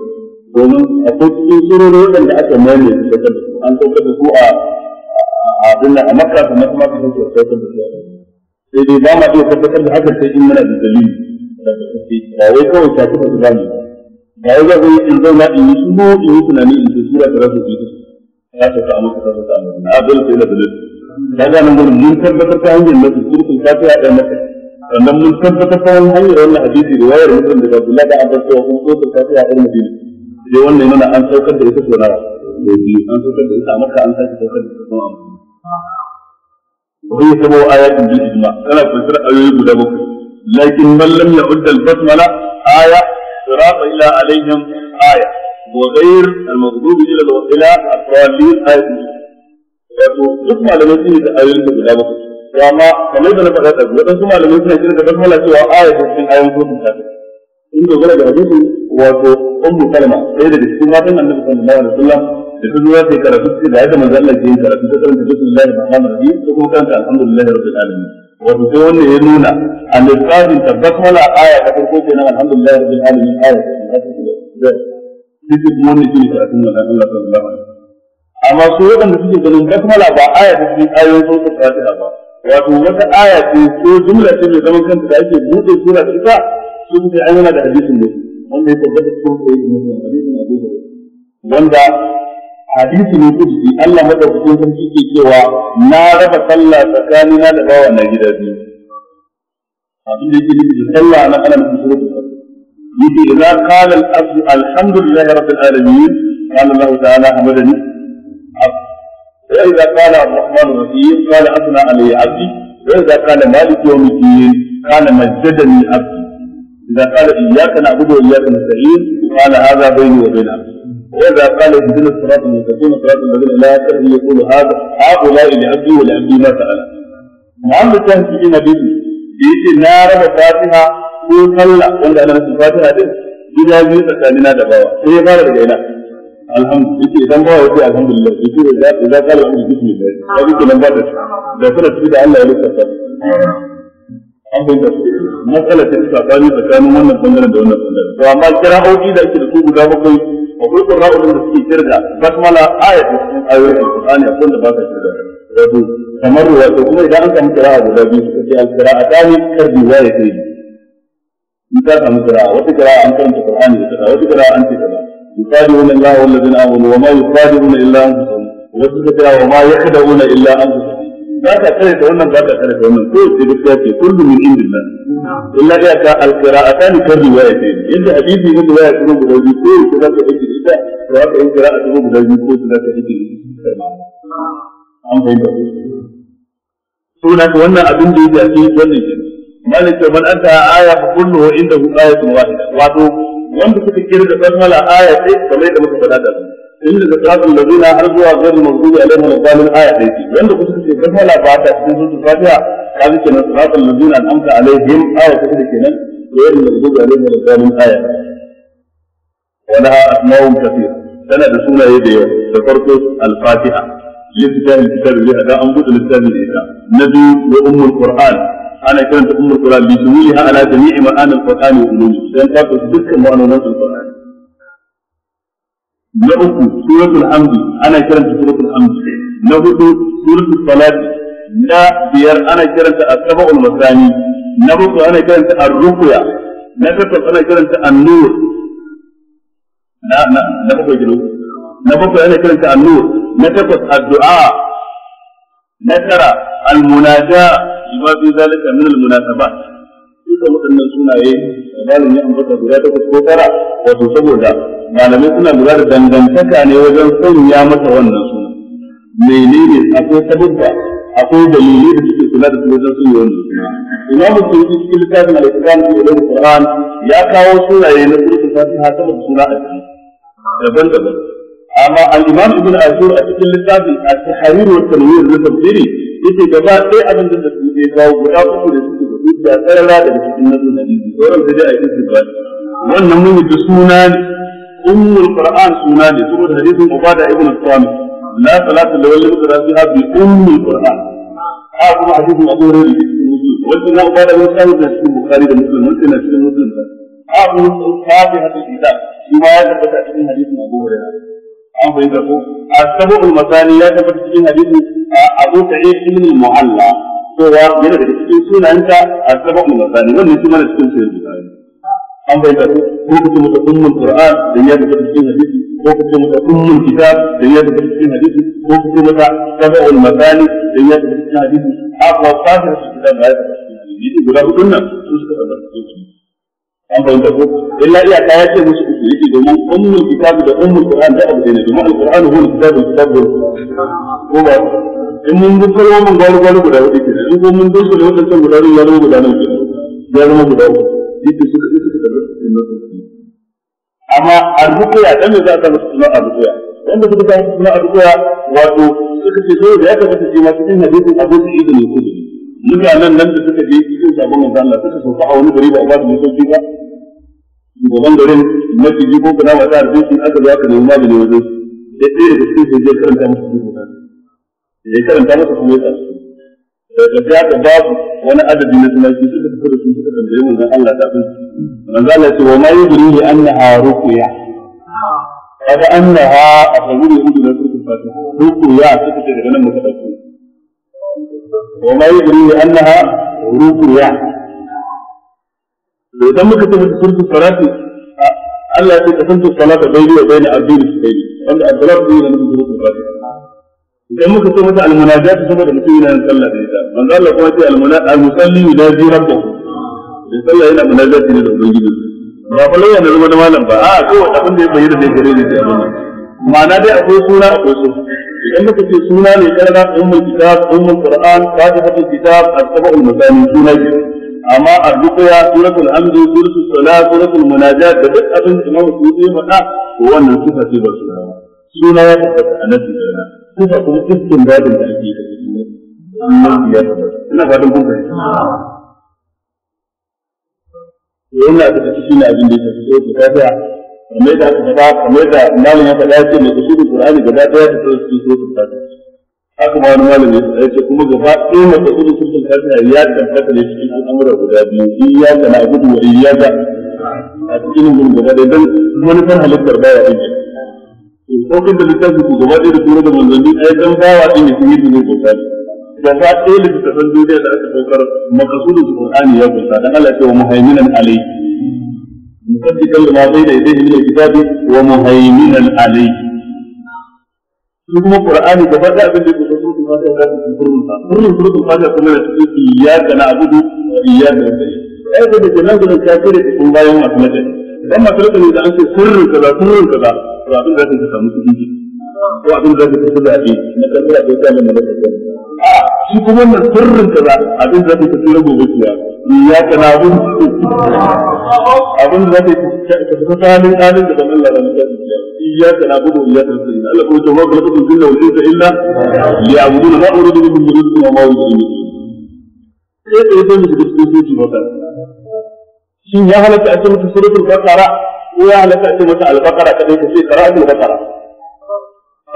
domin akwai cikin surori da aka mayar da su an saukar da su a abinda a makka sannan kuma aka saukar da sai dai ba ma iya tabbatar da haka sai in muna da dalili ba wai kawai ta kuma su zamu ba wai zai yi in zauna in yi shigo in yi tunani in ce sura ta rasu ita ta ta samu ta ta samu na abin sai da dalili ta nan gurin mun tabbatar ta hanyar nasu surkul ta ta yaɗa maka sannan mun tabbatar ta hanyar wannan hadisi riwayar mutum daga Abdullahi da Abbas cewa kun so ta ta yaɗa madina sai wannan an saukar da ita sau an saukar da ita a maka an sake saukar da ita kuma a mutum وهي سبع آيات بالإجماع أنا فسر أيوه لكن من لم يعد البسملة آية صراط إلى عليهم آية وغير المغضوب إلى إلى الضالين آية wato duk malamai sun yi da da guda bakwai to amma kamar da na faɗa da waɗansu malamai suna kira da basmala cewa cikin sun tafi in dogara da hadisi wato ummu salma sai daga cikin matan annabi sallallahu alaihi wasallam da ta zuwa sai karatu sai da yadda manzo Allah ke yin karatu ta karanta bismillahir rahmanir rahim ko kuma karanta alhamdulillahi rabbil alamin wato sai ya nuna al-qadin aya ta farko kenan alhamdulillahi rabbil alamin aya ta duk shi ne karatun manzo Allah sallallahu alaihi amma su waɗanda suke ganin basmala ba aya ta cikin ayoyin sautin fatiha ba wato wata aya ce ko jumla ce mai zaman kanta da ake buɗe sura ta ita sun ce an yana da hadisin wanda ya tabbata cikin sai da mutum hadisin Abu Hurairah wanda hadisi ne kudi Allah madaukakin sarki ke cewa na raba sallah tsakanina da bawa na gida biyu abin da yake nufi da sallah na ana nufin shirin da yake idza qala al-abdu alhamdulillahi rabbil alamin qala Allah ta'ala hamadani وإذا قال الرحمن الرحيم قال أثنى علي عبدي وإذا قال مالك يوم الدين قال مجدني عبدي إذا قال إياك نعبد وإياك نستعين قال هذا بيني وبينك وإذا قال اهدنا الصراط المستقيم صراط الذين لا يهتدي يقول هذا هؤلاء لعبدي ولعبدي ما سأل وعند التهجد نبي بيتي نار وفاتحة ko sallah wanda ana nufin fatiha din gida biyu tsakanina da bawa sai ya fara daga ina alhamdu idan bawa yake alhamdulillah yake da za ka alhamdu bismillah ya bi kenan ba da da sura da Allah ya lissafa an abin da matsala ta fi tsakani tsakanin wannan bangaren da wannan bangaren to amma kira kira'o'i da ake da su guda bakwai akwai qurra'u da suke kirga basmala ayatu cikin ayoyin alqur'ani akwai da ba ta kirga wato kamar wato kuma idan an samu kira'a guda biyu suka ce alqira'atani karbi wa ya kai in ka samu kira'a wata kira'a an karanta qur'ani da kaza wata kira'a an ce kaza yuqadiuna allaha wallazina amanu wa ma yuqadiuna illa anfusahum wa suka ce wa ma yahda'una illa anfusahum ba ka tsare da wannan ba ka tsare da wannan ko da kullu min indillah illa ka alqira'atan inda ne riwaya ko da qira'a da ko da an na ko wannan abin da yake a cikin wannan malik man anta aya ayatun wahida wato wanda suka kirga basmala aya sai kamar da muka faɗa da su inda zakatun da zina har zuwa zai mazgudu alaihi wa zalin aya ɗaya ce wanda kuma suke gafala ba ta cikin zuci fatiha ka ji kenan zakatun da zina amsa alaihim aya ta hudu kenan zai mazgudu alaihi wa zalin aya wani asma'un kafir tana da sunaye da yawa da farko al-fatiha littafin kitabin liha da an buɗe littafin da ita na biyu da ummul qur'an ana kiranta ummul qur'an bi shumiliha ala jami'i ma'anil qur'ani wa ulumi dan ta dukkan ma'anonin qur'ani na uku suratul amdi ana kiranta suratul amdi na hudu suratul salat na biyar ana kiranta asaba'ul masani na uku ana kiranta ar-ruqya na takwas ana kiranta an-nur na na na bakwai kilo na bakwai ana kiranta an-nur na takwas addu'a na tara al-munada ma fi zalika min al-munasabat da waɗannan sunaye malam ya ambata guda ta, ko tara wato saboda malamai suna lura da dangantaka ne wajen sanya masa wannan suna menene akwai sababba akwai dalili da suke kula da wajen sanya wannan suna imamu sunni cikin littafin al-Qur'an da ulum Qur'an ya kawo sunaye na surutun fasaha saboda suna a cikin daban-daban amma al-Imam Ibn Azur a cikin littafin at-Tahrir wa tanwir na tafsiri yake gaba ɗaya abin da suke ne kawo guda uku da suke zuciya tsarara daga cikin nasu da nufi sauran sai dai a yi zuciya wannan mun yi suna ne ummul qur'an suna ne saboda hadisin ubada sami la salata lawal yusra fiha bi ummul qur'an a kuma hadisin abu cikin wannan na ubada ibn sami da cikin bukhari da muslim wannan na cikin muslim a kuma fatihatul kitab shi ma ya tabbata cikin hadisin abu an fahimta ko a sabu'ul masani ya tabbata cikin hadisin Abu Sa'id ibn Mu'alla cewa yana daga cikin sunanta a sabon masani wannan shi mana cikin sayar bukari an bai tafi ko kace mata ummul qur'an da ya tafi cikin hadisi ko kace mata ummul kitab da ya tafi cikin hadisi ko kace mata sabon masani da ya tafi cikin hadisi a ko fasa shi da ba ya hadisi guda hudun nan su suka tabbata cikin hadisi an bai tafi illa iya ta yace musu yake domin ummul kitab da ummul qur'an da abu ne domin alqur'an huwa kitabul kitab ko ba in mun bi kalma mun gwaro gwaro guda ke ko mun da guda guda nan ke ya guda ke amma dan ne za ka suna wanda suka suna wato suka ce so da ya cikin hadisin kudu mutanen nan da suka je cikin sabon Allah suka sauka a wani gari ba ba su sauki ba gaban garin ko kuna wata arzikin aka zo aka nemi magani wajen da ɗaya da je karanta ya karanta masa kuma ya tsarki daga ta ka babu wani adadi na tunaki suka fito da su suka tambaye manzon Allah ta fi manzon Allah ce wa ma yudrihi annaha ruqya kaga annaha a sabu da yudrihi suka fata ruqya suka ce daga nan muka dauko wa ma yudrihi annaha ruqya to idan muka tafi surtu salati Allah ya ce kasance salata bai da bai na abdi da bai wanda abdullahi ne da nufin surtu salati idan muka so mata almunajat saboda mutum yana yin sallah da ita manzo Allah kuma ce almunajat almusalli yudaji rabbahu da sallah yana munajati ne da ubangiji ba fa lauya na zama da malam ba a ko abin da ya bayyana da gare ne da abin ma'ana dai akwai suna akwai su idan muka ce suna ne karna ummul kitab ummul qur'an fatihatul kitab asbabul masani suna ne amma ar-ruqya suratul hamd suratul salat suratul munajat da duk abin da imamu su yi faɗa to wannan suka ce ba suna suna ya tabbata a nan suka kuma iskin dadin da ake da amma biyar ina fatan kun fahimta yana da ciki ne abin da ya tafi ta tafiya kamar da aka faɗa kamar da malam ya faɗa ce mai kusuru Qur'ani gaba da ta tsoro cikin surutun fatiha haka ma wani malam ya ce kuma gaba ɗaya mai kusuru ya tabbata ne cikin al'amura guda biyu iyyaka na'budu wa iyyaka a cikin gaba ɗaya wani manufar halittar baya aiki. saukar da littafi ku gaba ɗaya da tura da manzanni ai dan bawa ɗin ne sun yi su ne bauta da fa ɗaya da ta san duniya da aka saukar makasudin su Qur'ani ya bauta dan Allah ya ce wa muhaiminan alai musaddiqan lima bayna yadayhi min al-kitabi wa muhaiminan alai su kuma Qur'ani gaba ɗaya abin da ku san su ma sai ka ku furun ta furun furun ta ka kuma su iyyaka na'budu wa iyyaka nasta'in ai da ke nan da kafire kun bayan masu mutane dan masu mutane da an ce sirrin kaza sirrin kaza to abin da zaka samu kuɗi ne ko abin da zaka tafi zabe na kan da kai kana da kai shi kuma wannan sirrin kaza abin da zaka tafi gobe gaskiya ya kana abin abin da zaka tafi tsanin dalin da ban Allah da إياك نعبد وإياك نستعين ألا كنت ما خلقت الجن والإنس إلا ليعبدون ما أريد منهم من رزق وما أريد منهم sai da yadda mutu da cikin soki mata shin ya halatta a ce mutu suratul ko ya halatta ce mata albakara kadai ka ce qara'atul bakara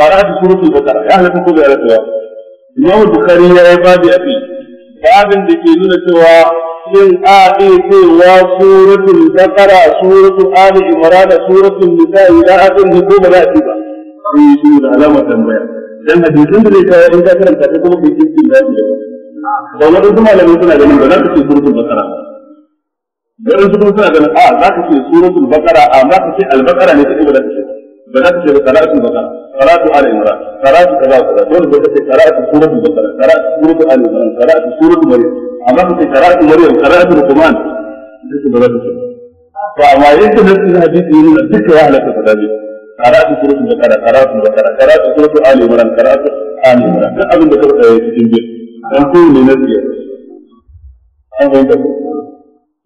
qara'atul suratul bakara ya halatta ko bai halatta ba Imam Bukhari ya yi babi a kai babin da ke nuna cewa yin a iya cewa suratun bakara suratun ali imran suratun nisa ila akhirih ko ba za a ce ba sai eh, shi da alamar tambaya dan hadisin da zai kawo in ka karanta ta kuma kai cikin da ba da wadansu malamai suna ganin ba za ka ce suratul bakara garin su kuma suna ganin a ah, za ka ce suratul a amma ah, ka ce al-baqara ne take ba za ka ce ba za ka ce qira'atul baqara qira'atu ali imran qira'atu kaza kaza dole ba ka ce qira'atu suratul baqara qira'atu suratul ali imran qira'atu suratul maryam amma ka ce qira'atu maryam qira'atu luqman take ba za ka ce to amma yake nan cikin hadisi ne na duka ya halaka ka dabi qira'atu suratul baqara qira'atu baqara qira'atu suratul ali imran qira'atu ali imran duk abin da ka faɗa cikin biyu dan ko ne na biyu an fahimta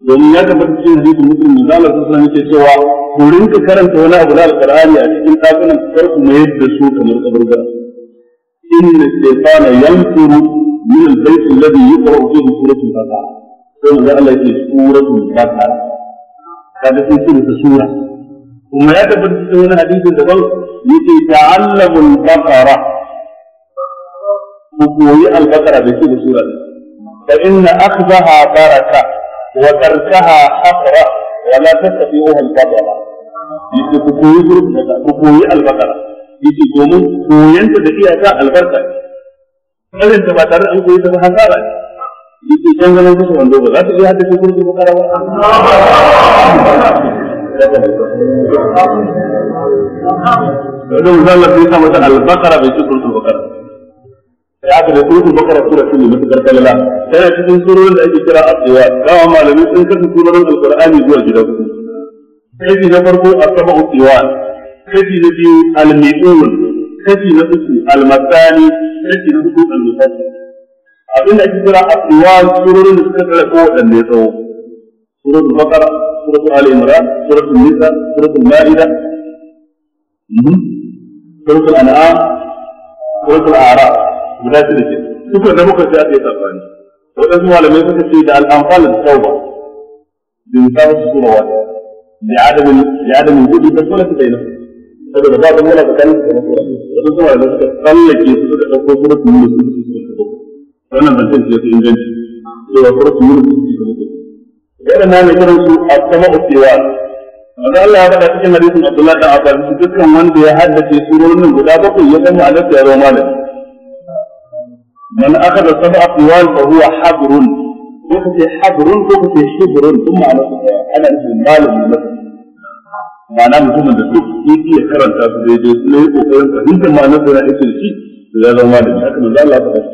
domin ya tabbata cikin hadisi mutum, da Allah sallallahu alaihi ke cewa ku rinka karanta wani abu na alqur'ani a cikin dakunan kar ku mayar da su kamar In kaburga inna shaytana yankuru min al yi alladhi yuqra'u fihi suratul baqara sai manzo Allah suratun fata baqara kada sun ce ta sura kuma ya tabbata cikin wani hadisin daban yake ta'allamul baqara ku koyi al-baqara da ke da sura fa inna akhdaha baraka وتركها حفرة ولا تستطيعها البقرة yace ku koyi gurbin da ku koyi albakara yace domin koyanta da iyaka albarka karin da ba tare an koyi ta ba hasara yace dan ganin kusa wanda ba za ta iya haddace gurbin bakara ba da Allah sai sa mata albakara bai ci gurbin bakara ya ga dukkan bakara sura sun yi mutakar kalala tana cikin surorin da ake kira asiwa dawa malami sun kasa surorin alqur'ani zuwa gida ku kashi na farko a asaba usiwa kashi na biyu almi'un kashi na uku almasani kashi na hudu almutasal abinda ake kira asiwa surorin da suka kala ko wadanne tsawo suratul baqara suratul ali imran suratul nisa suratul maida hmm? suratul an'am suratul Ara. guda shida ce duk wanda muka sai aka yi tsafani waɗansu malamai suka ce da al'amfal da tauba bin sa su sura wata da adamin da adamin gudu ta sura ta daina saboda ba zan wala tsakanin su da sura waɗansu malamai suka tsallake su suka ɗauko sura su yi su su ta bakwai wannan zancen ce ta inganci cewa sura su yi su su ta bakwai irin na mai kiransu a sama ukewa Maza Allah ya faɗa cikin hadisin Abdullahi da Abbas dukkan wanda ya haddace surorin guda bakwai ya san ma'anar ya zama malami. man akhadha sab'a aqwal fa huwa habrun ko kace habrun ko kace shibrun duk ma'ana su daya ana nufin malamin lafazi ma'ana da duk ya iya karanta su daidai su ne kokarin fahimtar ma'anar da na aikin shi da ya zama malami haka manzo Allah ya faɗa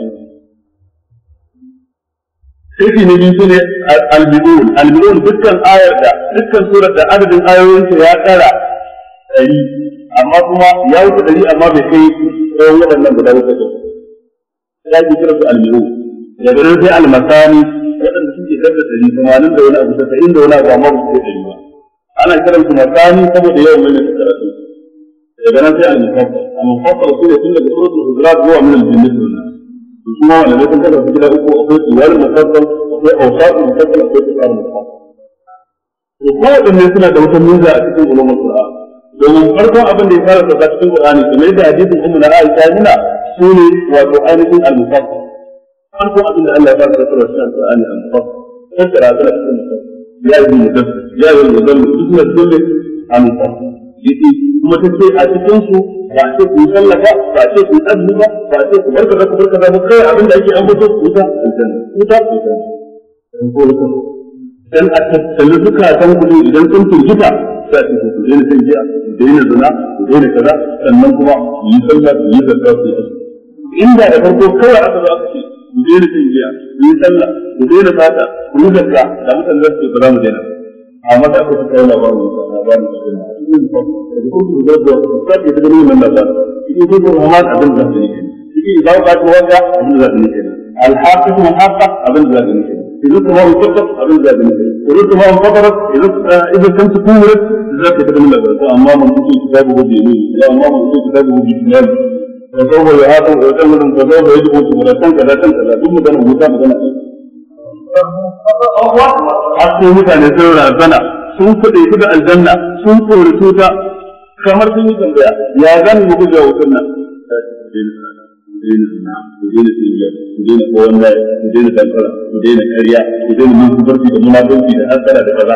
sai ne biyu ayar da dukkan surar da adadin ayoyinta ya tsara ɗari amma kuma ya wuce ɗari amma bai kai tsawon waɗannan guda ya ake kira su almiru daga nan sai almasani waɗanda suke dabba ɗari tamanin da wani abu tasa'in da wani abu amma ba su kai ɗari ba ana kiran su masani saboda yawan mai da karatu daga nan sai almufassal almufassal su ne tun daga suratul hujurat zuwa min aljinnat su kuma malamai sun kasa su gida uku akwai tsiwal mufassal akwai ausatul mufassal akwai tsiwal mufassal to kowaɗanne suna da wata miza a cikin ulumul qur'an domin farkon abin da ya fara sauka cikin qur'ani kamar yadda hadisin ummu na aisha nuna su ne wato ainihin al an kuma abin da Allah ya fara tsara shi al-Qur'ani al-mufassal tara ta da cikin ya yi mutum ya yi mutum duk na dole al-mufassal yake kuma ta ce a cikin su ba ce ku sallah ba ba ce ku azumi ba ba ce ku barka da ku barka da kai abin da ake ambato ku ta aljanna ku ta aljanna dan ko ku dan a tattalu zukatan kuɗi idan kun turjita za ku ku daina san jiya ku daina zina ku daina kaza sannan kuma yi sallah yi zakka ku yi inda da farko kawai aka zo aka ce ku daina cin giya ku yi sallah ku daina fata ku yi zakka da mutane za su ce ba za mu daina amma da aka fita labarin mutuwa labarin mutuwa da kuma su zarga su sake da ganin nan nasa cikin zai kuma hamar abin da zai kenan cikin idan ka ci wanda abin da zai kenan alhaƙi kuma haƙa abin da zai kenan إذا تمام فقط أبن ذا بن إذا تمام فقرت إذا إذا كنت كورت ذاك تبن لك أما من كتب كتابه بيمين يا أما من كتب كتابه بشمال da zo ba ya haɗu da zan wurin da zo ba ya dubu su da kan kaza kan kaza duk magana wuta magana a sai mutane sun razana sun kuɗe su da aljanna sun tsori tuta kamar sun yi tambaya ya zan mu guje wutar nan ku daina zina ku daina tsibiya ku daina kowan ku daina dankara ku daina karya ku daina mutunci da munafunci da hasara da kaza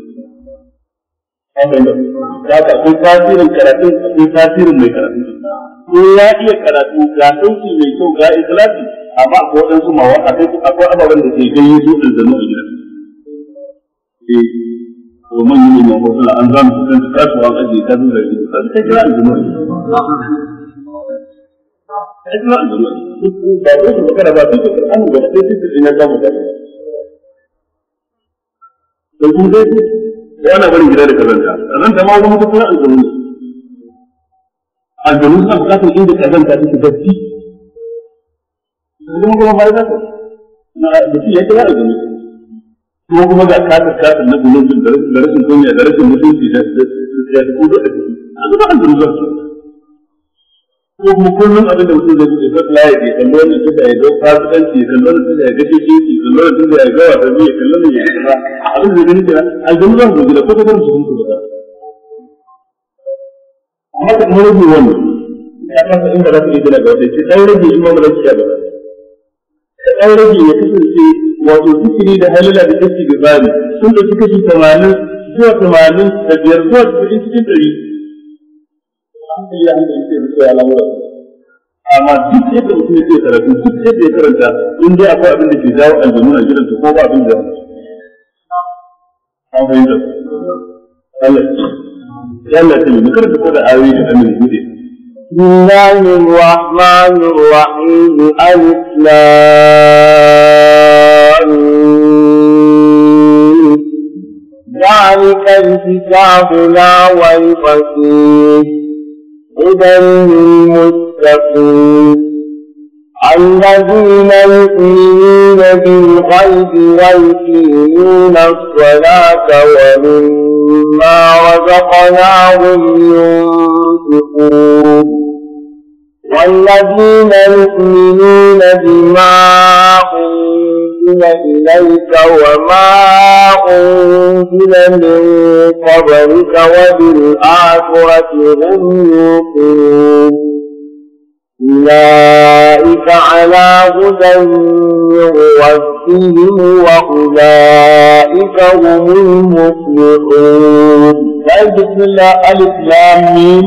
da ka akwai tasirin karatu akwai tasirin mai karatu ko ya iya karatu ga sauki mai kyau ga ikhlasi amma dan waɗansu mawa akwai ababen da ke ganye su alzanu a gidan eh to man yi mai hoton an za mu kusan kasuwa an ajiye ta zuwa gidan da ta kira alzanu ta kira alzanu ba su su magana ba duk Qur'ani ba sai su dinga samu da su yana barin gida da kazanta kazanta ma wani kuma aljanu ne aljanu suna bukatar inda kazanta take gaske kuma kuma ba za ta na da shi ya kira aljanu kuma kuma ga kasar kasar na gudun da rashin kunya da rashin mutunci da da da da da da da da da da ko kuma kullum abin da mutum zai fi zai layi ya kalli wannan tun da ya zo fasikanci ya kalli wannan tun da ya ga shi ya kalli wannan tun da ya ga wata biyu ya kalli wannan ya ga abin da gani kenan aljanu za su gida ko ta gani su sun kuma amma ta kuma rage wannan ya kasa inda za su yi gina ga wata ce ɗan rage in mamara su ya gaba ɗan rage ya kasance wato sikiri da halila da kashi da zani sun ɗauki kashi tamanin zuwa tamanin da biyar zuwa cikin cikin ɗari alhamdulillah da yake rufe al'amuran amma duk yadda mutum yake karatu duk yadda ya karanta in dai akwai abin da ke jawo aljanu a gidansa ko ba abin da Allah ya ta yi karanta ko da ayoyi da annabi bude الله الرحمن الرحيم ألف ذلك الكتاب لا ريب فيه هدى للمتقين الذين يؤمنون بالغيب ويقيمون الصلاة ومما رزقناهم ينفقون والذين يؤمنون بما أنزل إليك وما أنزل من قبلك وبالآخرة هم يوقنون أولئك على هدى من ربهم وأولئك هم المفلحون. بسم الله ألف لام ميم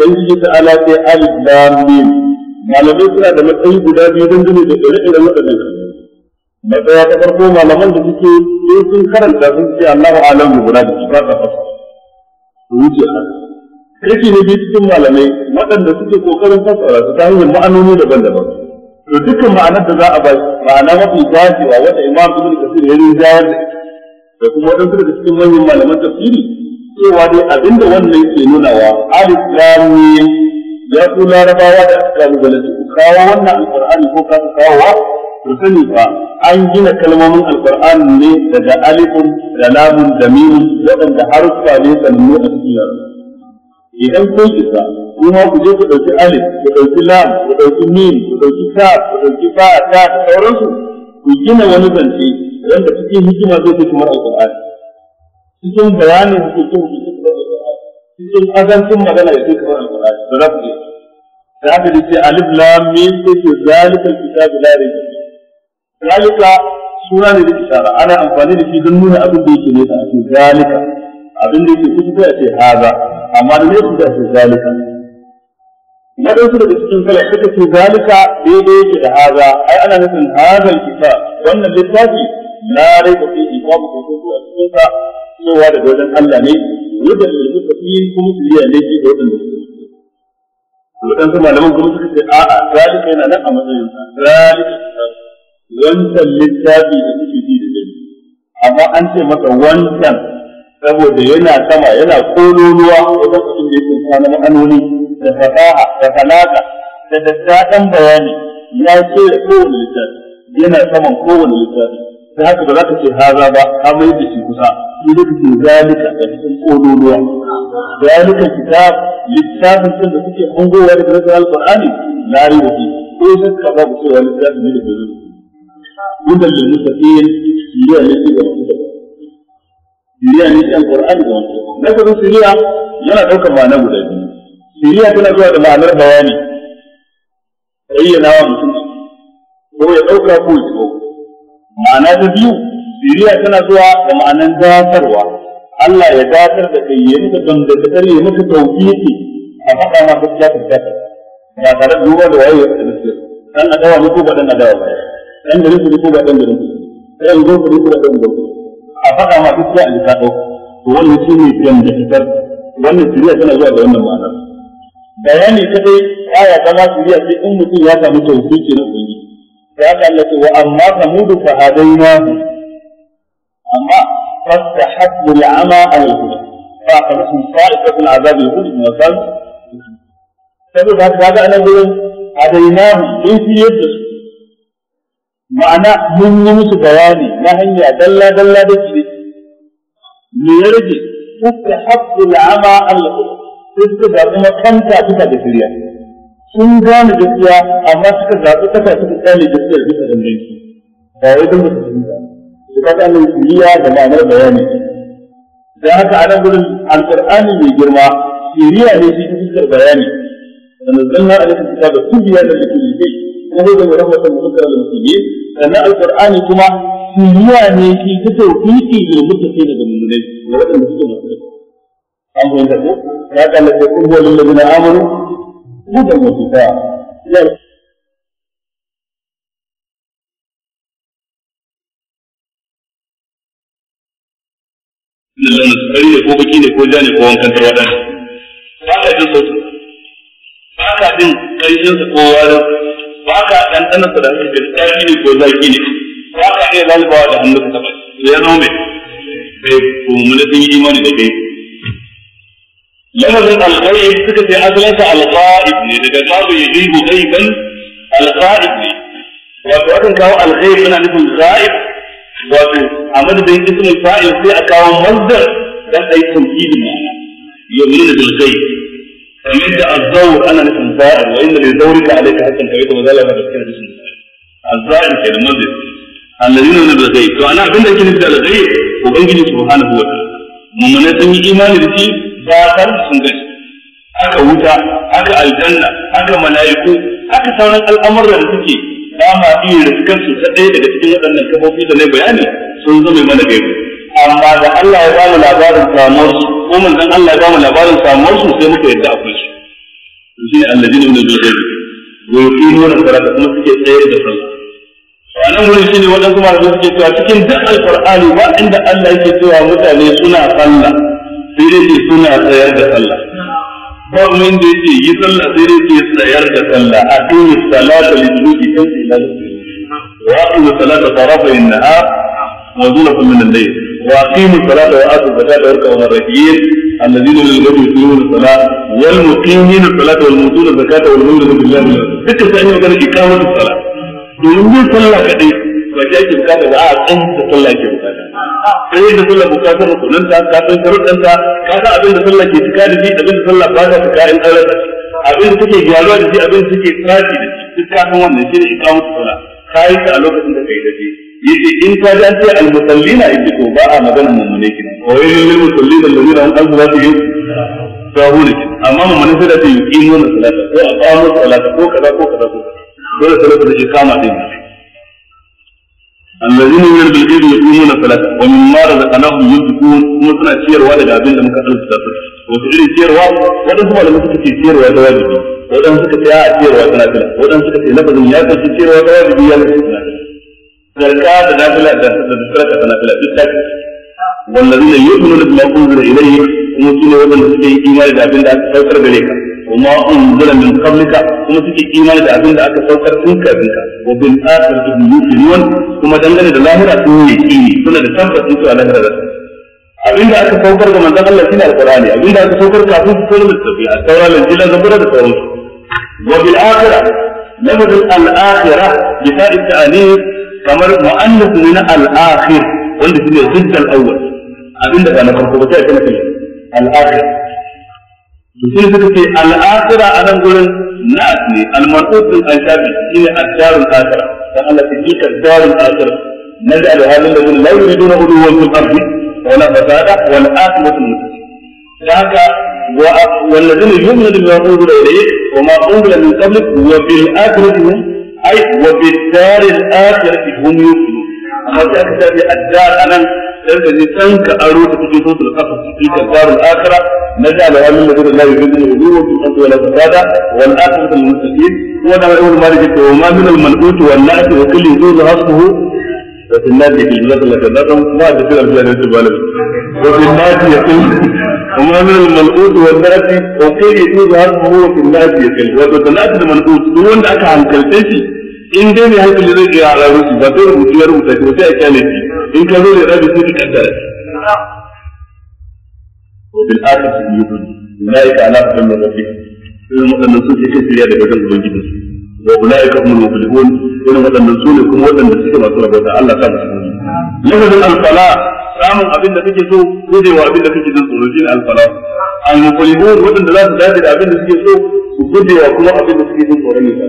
بسم الله ألف لام ميم malamai suna da matsayi guda biyu don gane da ire-iren waɗannan matsaya ta farko malaman da suke in sun karanta sun ce Allahu alam bi da ba ta fasa su wuce haka kashi ne biyu cikin malamai waɗanda suke kokarin fassara su ta hanyar ma'anoni daban-daban to dukkan ma'anar da za a ba ma'ana mafi dacewa wanda imam ibn kasir ya rinjayar da da kuma waɗansu daga cikin manyan malaman tafsiri cewa dai abinda wannan ke nunawa alif lam mim ya ku larabawa da aka kawo wannan alqur'ani ko ka kawo ku sani ba an gina kalmomin alqur'ani ne daga alifun da lamun da mimun waɗanda harfa ne sanannu a cikin larabci idan kun isa kuma ku je ku ɗauki alif ku ɗauki lam ku ɗauki mim ku ɗauki ta ku ɗauki ba ta da sauransu ku gina wani zance wanda cikin hikima zai fi kamar alqur'ani cikin bayanin hukuncin hukuncin kamar alqur'ani cikin azancin magana ya fi kamar alqur'ani da za ku je da aka ce alif lam mim sai ke zalikal kitabu la zalika suna ne da isara ana amfani da shi don nuna abin da yake nesa a ce zalika abin da yake kusa a ce haza amma da nesa da ce zalika ɗauki daga cikin kala ita ce zalika daidai yake da haza ai ana nufin hazal kitab wannan littafi la raiba fihi babu kokonto a cikin sa cewa daga wajen Allah ne yadda da suka fi kuma su yi ne da wannan suka fi waɗansu malaman kuma suka ce a'a zalika yana nan a matsayin sa zalika wancan littafi da suke ji da gani amma an ce masa wancan saboda yana sama yana kololuwa wajen abin da ya kunsa na ma'anoni da fasaha da falaka da daddaɗan bayani ya ce kowane littafi yana saman kowane littafi ta haka ba za ka ce haza ba ka mai da shi kusa shi da ke zalika da cikin kololuwa zalika kitab littafin sun da suke hangowa da nazarar alqur'ani na yi fi ko shakka babu cewa littafin ne da bai هدى للمتقين سيريا التي سيريا التي القرآن سيريا yana ɗaukar guda biyu siriya tana zuwa da ma'anar bayani bayyana wa mutum ko ya ɗauka ko ya ma'ana ta biyu tana da ma'anar datarwa Allah ya datar da kai ya da dangantakar ya maka tauhidi a faɗa ma gaskiya ta ba tare da duba da waye ya faɗa dan adawa mutu ba dan adawa ba yan garin su ko ba yan garin su sai an gonsu ko ba yan gonsu a faɗa ma duk sai a ji kaɗo to wannan shi ne dangantakar wannan shirya tana zuwa ga wannan ma'anar bayani kadai aya ta ma shirya sai in mutum ya samu tawfiki na ubangi sai aka Allah ce wa amma samudu fa hadainahu amma fastahabbu al'ama al-huda fa qadasum sa'iqatul azab al-huda wa qad saboda haka ga anan gurin hadainahu in fi yadda su ma'ana mun yi musu bayani na hanya dalla dalla da ke me ya rage suka haɗu la'ama Allah sai suka zaɓi makanta suka da shirya sun gane gaskiya amma suka zaɓi kasa suka kyale gaskiyar bisa danganci ba wai don musu fahimta su kaɗa nan shiriya da ma'anar bayani da haka a nan gudun alƙar'ani mai girma shiriya ne shi fuskar bayani da nazzalna alaikum kitaba tubyanan likulli shay wa hudan wa rahmatan lil sannan Alƙur'ani kuma shiriya ne shi ta tawfiki lil muttaqina da mu'minai ga wadanda suke masu an fahimta ko ya kalla ta kun bolin da na amuru da mutu ta lallan sukari ne ko baki ne ko ja ne ko wankan tarwada ba ka jin sautin ba ka jin ƙarshen su ko warin ba ka ɗanɗanar sa da harshe da ɗaya ne ko zaki ne ba ka iya lalabawa da hannu ka ba da ya zama mai bai mummuna sun yi imani da bai lafazin alƙa'ib suka ce asalinsa alƙa'ib ne daga babu ya zai kan alƙa'ib ne wato akan kawo alƙa'ib yana nufin za'ib wato a madadin ismin fa'il sai a kawo mazdar dan ɗai tauhidin ma'ana ya ne da zai. domin da azzawur ana nufin za'ir wa inda da zaurika alaika hakkan kai da mazala ba da cikin hadisin azza'ir ke da mazal alladina na da zai. to ana abin da yake nufi da al ghaib ubangiji subhanahu wa ta'ala mummune sun yi imani da shi ba tare da sun gashi Aka wuta aka aljanna aka mala'iku aka sauran al'amuran da suke ba ma iya riskan su ta ɗaya daga cikin waɗannan kafofi da na bayani sun zama mana gaibu amma da Allah ya bamu labarin samuwar su ko manzon Allah ya ba mu labarin samuwar su sai muka yadda akwai su to shine alladina min al-ghaibi wa yuqimuna salata kuma suke tsaye da sallah to anan wurin shine wadansu malamai suke cewa cikin duk alqur'ani ba inda Allah yake cewa mutane suna sallah sai dai suna tsayar da sallah ba mu da yake yi sallah sai dai ke tsayar da sallah a dini salata lidruki kan ila wa aqimu salata tarafa in wa zulfa min al-layl واقيموا الصلاة وآتوا الزكاة واركعوا الراكعين الذين للغد يقيمون الصلاة والمقيمين الصلاة والمؤتون الزكاة والمؤمنون بالله duka sai an yi magana ikamatu sala domin yin sallah kaɗai ba ki ake bukata ba a kan ta sallah ke bukata sai da sallah bukatar ta ka san sharuɗanta ka san abin da sallah ke cika da shi abin da sallah ba ta cika in an rasa abin da take gyaruwa da shi abin da take tsaci da shi duk ka san wannan shi ne ikamatu sala ka yi ta a lokacin da kai da shi yace in ka ji an ce yace to ba a magana mummune kin wai ne musallin da lalina an azura ta yi amma mummune sai da ta yi in salata ko a kawo salata ko kaza ko kaza ko dole salata da ikama din الذين يؤمنون بالغيب يقيمون الصلاة ومما رزقناهم ينفقون kuma suna ciyarwa daga abin da muka arzuta su wato irin ciyarwa waɗansu malamai suka ce ciyarwa ta wajibi waɗansu suka a ciyarwa ta nafila waɗansu suka ce lafazin ya kace ciyarwa ta wajibi ya kace زكاة نافلة زكاة نافلة بالتاك والذين يؤمنون بما أنزل إليك kuma su ne waɗanda suke yi imani da abin da aka saukar gare ka kuma unzila min qablika kuma suke imani da abin da aka saukar tun kafin ka wa bil akhirati hum yuqinun kuma dangane da lahira sun yi yaqini suna da tabbacin cewa lahira da abin da aka saukar ga manzon Allah shine alqur'ani abin da aka saukar kafin su sunan littafi at-taura al-injila zabura da sauransu wa bil akhirah lafazin al-akhirah bi ta'id ta'anif kamar mu'annas min al-akhir wanda shine zidd al-awwal abinda ba na farko ba sai kana kai al-akhir to sai suka ce al akhir a nan gurin nas ne al-mar'ud bin al-shabi shine ad-darul akhir dan Allah ya yi darul akhir nan da al-halin da mun lai la yuriduna wa fil ardi wala fasada wal akhiratu daga wa والذين يؤمنون بما أنزل إليك وما min من wa bil akhirati أي وبالدار الآخرة هم يوقنون أما ذلك الدار أنا لأن الإنسان كأرو تكون صوت القصص تلك الدار الآخرة نجعل من الذين لا يريدون علوا في الأرض ولا فسادا والآخرة وما من المنقوت والنأس وكل يزول هصه يعني وفي الناس يجوز لك ما في هذا يقول وفي الناس يقول وما من المنقوط والنعت وكل يجوز هصه وفي الناس يقول وفي الناس المنقوط دون أكعن كالتشي in dai mai da zai iya a rubutu ba sai rubutu ya rubuta ki sai a kyale ki in ka zo da rabi sai ka kaddara wa bil akhirati yuqin ala irin waɗannan su daga su wa kuma irin su ne kuma waɗanda suke masu Allah ta lafazin alfala samun abin da kake so gujewa abin da kake jin tsoro alfala waɗanda za su dace abin da suke so kuma abin da suke jin ne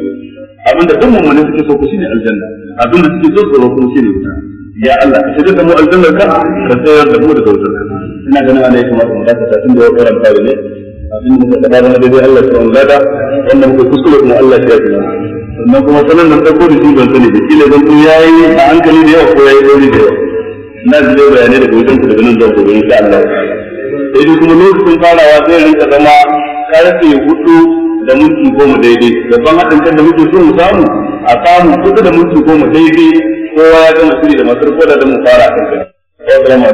abinda duk mummuni suke so ku shine aljanna abinda suke so ku kuma shine wuta ya Allah ka shigar da mu aljanna ka ka tsayar da mu da wutar ka ina ganin ana kuma masa mutaka ta tun da ya karanta da ne abin da ka da dai Allah ya wanda da wanda ku kuskure kuma Allah ya yi na sannan kuma sanan nan da kodin shi ban ne da kila zan ku yayi a hankali da yawa ko yayi dori da yawa ina da dai bayanai daga wajen ku daga nan zuwa gobe insha Allah sai dai kuma lokacin farawa zai rinka zama karfe hudu da ko mu daidai babban hadin kan da muke so mu samu a samu kudu da ko mu daidai kowa ya gama shiri da masu rikoda da mu fara kan kai